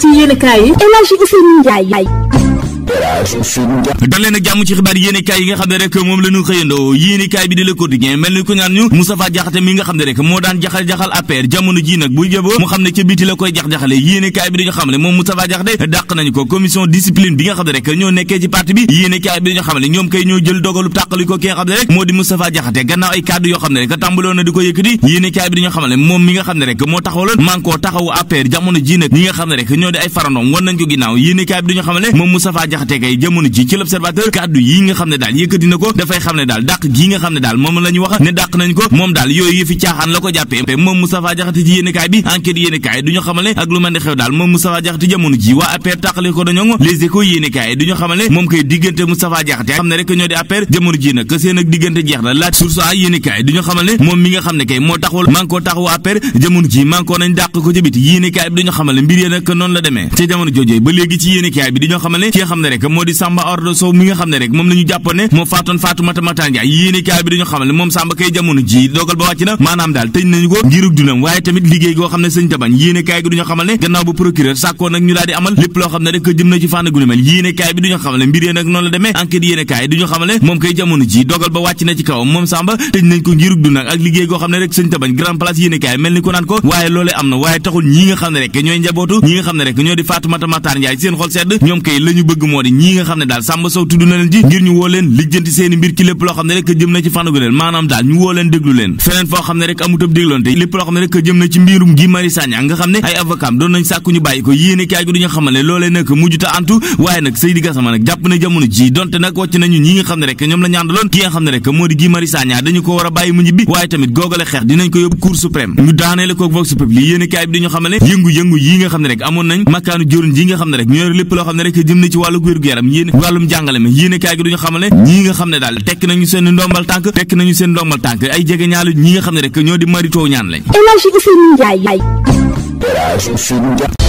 ci yéen kaay yi El Hadji Ousseynou Ndiaye dal leen jàmm ci xibaar yéenekaay kay bi dañu xam moom mi nga xam ne rek moo taxawu APR jamono ji nag ñi nga xam ne rek ñoo di ay farandoom won nañ ko ginnaaw yéenekaay bi dañu xam ne moom Moustapha Diakhaté jaxate kay jamono ji ci l'observateur kàddu yi nga xam ne daal yëkkati ko dafay xam ne daal dàq gi nga xam ne daal moom la wax ne dàq nañ ko moom daal yooyu yëfi caaxaan la ko jàppee moom Moustapha Jaxate ci yéenekaay bi enquête yéenekaay du xamale moom Moustapha diggante Moustapha Jaxate xam ne rek ñoo di APR jamono ji nag seen ak diggante jeex na laaj source a yéenekaay du xamale moom mi nga xam ne kay moo taxawal man koo taxawu jamono ji man rek moo di Samba mi nga xam ne rek moom la jàppoon ne moo faatoon Fatoumata Matar yéenekaay bi dañu xamal ne moom Samba kay jamono ji dogal ba wàcc na ci fànn moom kay tëj nañ ko ngirug dunam ak liggéey goo xam ne rek sëñ tabañ grand place yéenekaay mel ni ko naan ko waaye loolee am na waaye taxul ñi nga xam ne rek ñooy njabootu ñi nga xam ne rek ñoom kay lañu bëgg moo di ñi nga xam ne daal Samba Sow tudd na leen ji ngir ñu woo leen lijjanti seeni mbir ci lépp loo xam ne rek jëm na ci fànn maanaam daal ñu woo leen déglu leen feneen foo xam ne rek amutab dégloonte lépp loo xam ne rek jëm na ci mbirum Guy Marius ñu bàyyi ko yéene kaay gi duñu xamal ne loolee nag mujjuta antu waaye nag Seydi Gassama nag jàpp na jamono ji donte nag wàcc nañu ñi nga xam ne rek ñoom la ñaandaloon ki nga xam ne rek moo di Guy Marius a wàllug wérgu yaram yéen wàllum jàngale mi yéen kaay gi duñu xamal ne ñii nga xam ne daal tekk nañu seen ndombal tànk tekk nañu seen ndombal tànk ay jege ñaalu ñi nga xam ne rek ñoo di mari ñaan lañ